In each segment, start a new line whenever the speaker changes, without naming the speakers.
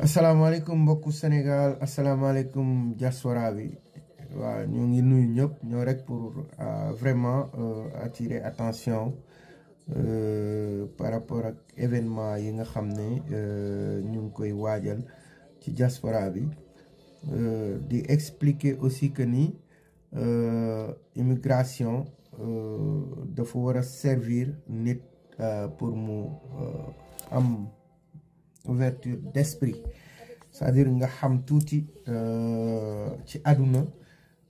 assalamu beaucoup Sénégal assalamu alaikum bi Nous sommes ngi nuyu pour euh, vraiment euh, attirer attention euh, par rapport à l'événement que nga avons ne dans le koy Pour expliquer aussi que ni immigration de servir pour nous am ouverture d'esprit c'est-à-dire que xam avons tout euh, àdduna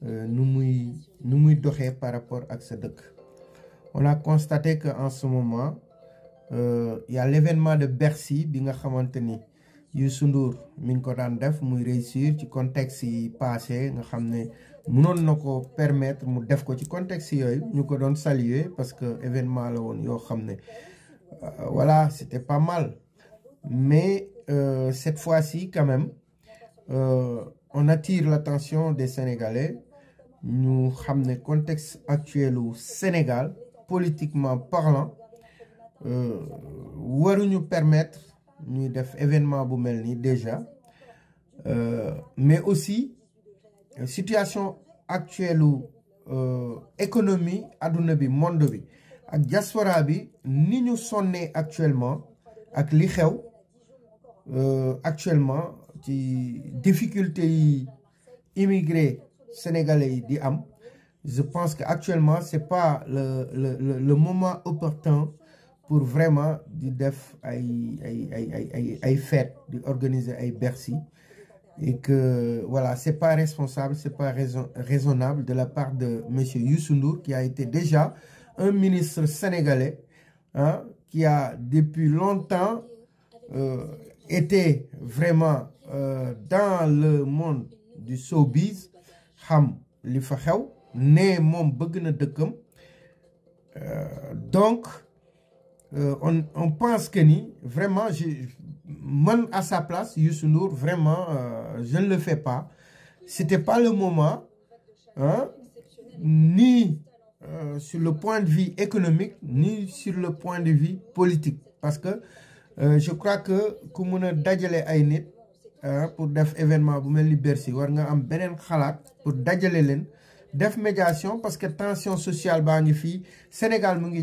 euh, nu nous nous muy doxee par rapport à sa dëkk on a constaté que en ce moment il euh, y a l'événement de Bercy bi nga xamante ni Youssou Ndour ko daan def muy réussir ci contexte passé nga nous ne mënoon le permettre mu def ko ci contexte nous ñu ko doon saluer parce que événement la woon voilà c'était pas mal mais euh, cette fois-ci, quand même, euh, on attire l'attention des Sénégalais. Nous avons le contexte actuel au Sénégal, politiquement parlant. Euh, nous permettre nous def événement bu déjà euh, mais aussi situation actuelle euh, économie aduna bi monde bi ak diaspora nous sommes actuellement avec li euh, actuellement qui difficulté immigrés sénégalais je pense qu'actuellement... ce c'est pas le le le moment opportun pour vraiment di def ay organiser Bercy et que voilà c'est pas responsable c'est pas raisonnable de la part de monsieur Youssou qui a été déjà un ministre sénégalais hein qui a depuis longtemps euh, était vraiment euh, dans le monde du sobiz Ham, li fa mon de euh, donc euh, on on pense que ni vraiment je à sa place Youssou vraiment je ne le fais pas c'était pas le moment hein, ni sur le point de vue économique ni sur le point de vue politique parce que euh, je crois que ku meuna a dajale ay nit ah, pour def événement bu melni ni Bercy war nga am benen xalaat pour dajale l'en, def médiation parce que tension sociale baa ngi fii Sénégal mu ngi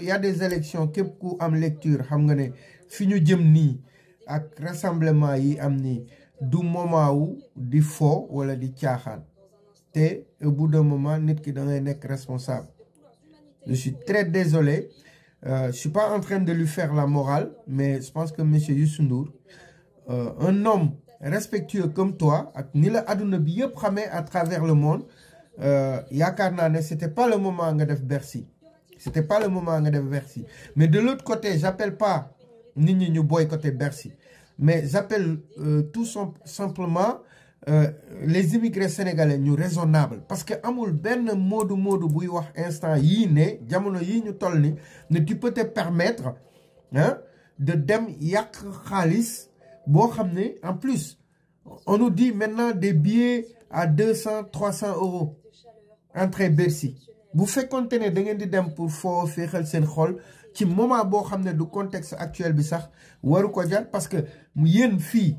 Il y a des élections kep ku am lecture xam nga ne fiñu jëm ni ak rassemblement yi am ni du moment wu di fo wala di caaxaan té au bout d'un moment nit ki da ngay nek responsable je suis très désolé euh, je suis pas en train de lui faire la morale, mais je pense que M. Youssou euh, un homme respectueux comme toi, ni la à travers le monde euh, n'était c'était pas le moment nga Bercy c'était pas le moment de Bercy mais de l'autre côté j'appelle pas ni ñi ñu Bercy mais j'appelle euh, tout simplement euh, les immigrés sénégalais sont raisonnables parce que amul ben modu modu buy wax instant yi ne jamono yi ñu ni ne tu peux te permettre hein de dem yak khalis bo xamné en plus on nous dit maintenant des billets à 200, 300 euros entre Bercy Vous faites contenir da ngeen di dem pour foo féexal sen xol ci moment bo xamné du contexte actuel bi sax waru ko jar parce que yéen fille.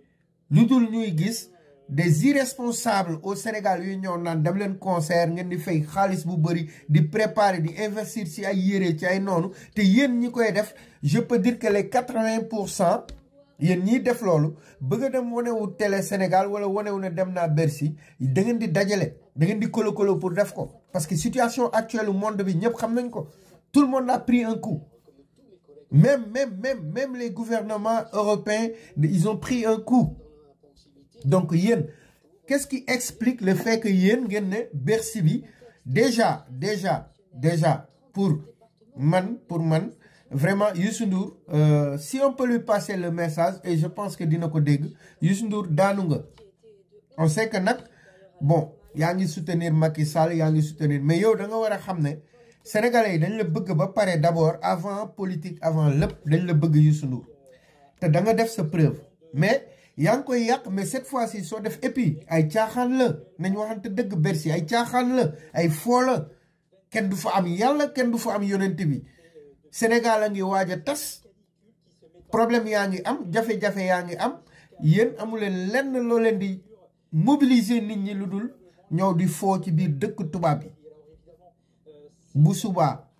Nous dul ñuy gis des irresponsables au Sénégal union nan naan dem concert ngén di fay xaalis bu bari di préparer di investir ci ay yéré ci ay noonu té yéen ñi koy def je peux dire que les 80% vingts ñi def lolu bëgg dem woné wu télé Sénégal wala wu ne dem na Bercy da ngén di dajalé da ngén di kolo kolo pour def ko parce que situation actuelle monde bi ñëpp xam nañ ko tout le monde a pris un coup même même même même les gouvernements européens ils ont pris un coup donc qu'est-ce qui explique le fait que Yen gagne Bersibi, déjà déjà déjà pour man pour man vraiment Yusundur, euh, si on peut lui passer le message et je pense que Dino ko dégg Youssou on sait que Nak, bon a soutenir Macky Sall a soutenir mais yo, da nga a sénégalais yi la d'abord avant politique avant le dañ la bëgg Youssou Ndour te da preuve mais yaa ngi koy yàq mais cette fois si soo def épi ay caaxaan la nañ waxante dëgg bersi ay caaxaan la ay foo kenn du fa am yàlla kenn du fa am yonent bi Sénégal a ngi waaj a tas problème yaa ngi am jafe-jafe yaa ngi am yéen amuleen lenn loo leen di mobiliser nit ñi lu dul ñëw di foo ci biir dëkk tubaab bi bu subaa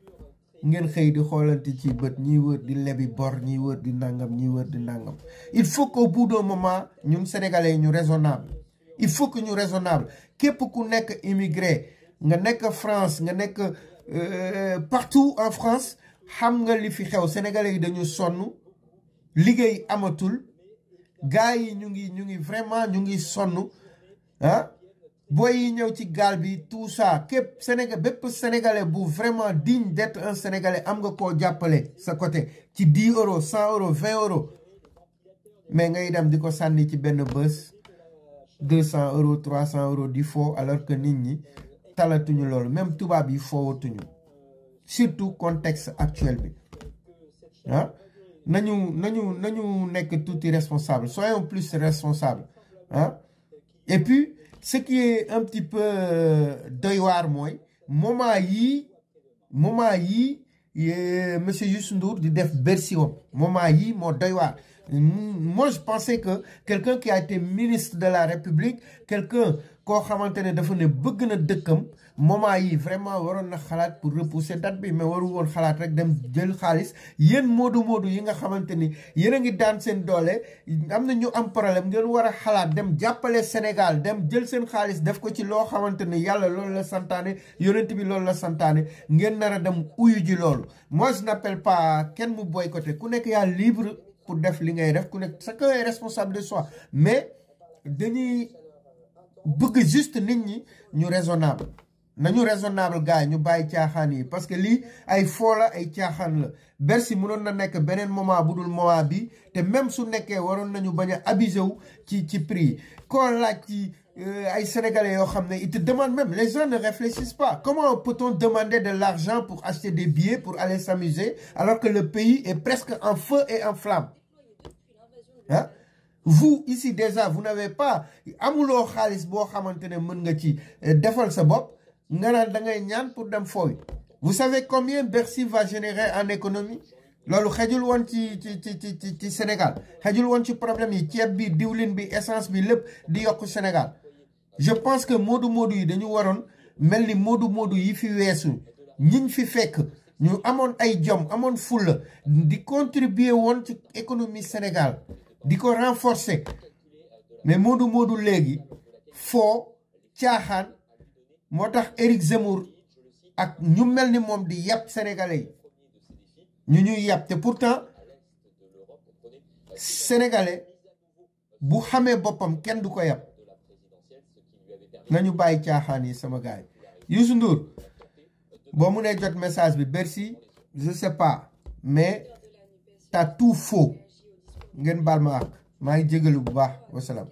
ngeen xëy di xoolante ci bët ñi wër di lebi bor ñi wër di nangam ñi wër di nangam il faut qu'au bout d'un moment ñun sénégalais ñu raisonnable il faut que ñu raisonnable képp ku nekk immigré nga nekk France nga nekk euh, partout en France xam nga li fi xew sénégalais yi dañu sonn liggéey amatul gars yi ñu ngi ñu ngi vraiment ñu ngi sonn ah boy yi tout ça Sénégal vraiment digne d'être un sénégalais am nga appelé ce côté 10 euros 100 euros 20 euros mais ngay dam diko sanni ci bus 200 euros 300 euros di alors que nit ñi talatuñu lool, même yi surtout contexte actuel bi Hein? nañu nañu nañu nek tout responsable soyons plus responsable hein ah? et puis ce qui est un petit peu devoir, moi, momaï moment et moment euh, monsieur du Ndour di def Bercy moment moi je pensais que quelqu'un qui a été ministre de la République quelqu'un koo xamante ne dafa ne bëgg na dëkkam moment yi vraiment waroon na xalaat pour repousser date bi mais waru woon xalaat rek dem jël xaalis yéen moodu moodu yi nga xamante ni yéen a ngi daan seen doole am na ñu am problème ngeen war a xalaat dem jàppale Sénégal dem jël seen xaalis def ko ci loo xamante ni yàlla loolu la santaane yonent bi loolu la santaane ngeen nar a dem uyu ji loolu mois je n'appelle pas kenn mu boycotté ku nekk yaa libre pour def li ngay def ku nekk chacun est responsable bëgg juste nit ñi ñu raisonnable nañu raisonnable gars yi ñu bàyyi caaxaan yi parce que li ay foo la ay tiaxan la bersi mënon na nek benen moment budul moment bi te même su nekké waron nañu baña a abusé wu ci ci prix ko laaj ci euh, ay sénégalais yo xamné ne ils te demandent même les gens ne réfléchissent pas comment peut-on demander de l'argent pour acheter des billets pour aller s'amuser alors que le pays est presque en feu et en flamme hein? vous ici déjà vous n'avez pas amuloo xaalis bo xamantene meun nga ci euh, defal sa bop, nga naan da ngay ñaan pour dem fooy vous savez combien Bercy va générer en économie loolu xejul won ci ci ci ci ci Sénégal xejul won ci problème yi tiep bi diwlin bi essence bi lepp di yokk Sénégal je pense que modu modu yi dañu waron melni ni modu yi fi wessu. Ñing fi fekk ñu amone ay jom amone foule di contribuer won ci économie Sénégal di renforcé. renforcer mais Modou Modou fo tiaxan motax eric Zemmour ak ñu melni Nous di sénégalais ñu pourtant sénégalais bu bopam kenn du ko sama gaay yousou Ndour mu jot message Bercy je sais pas mais t'as tout faux ngeen baal ma ak maa ngi jégalu bu baax wasalaam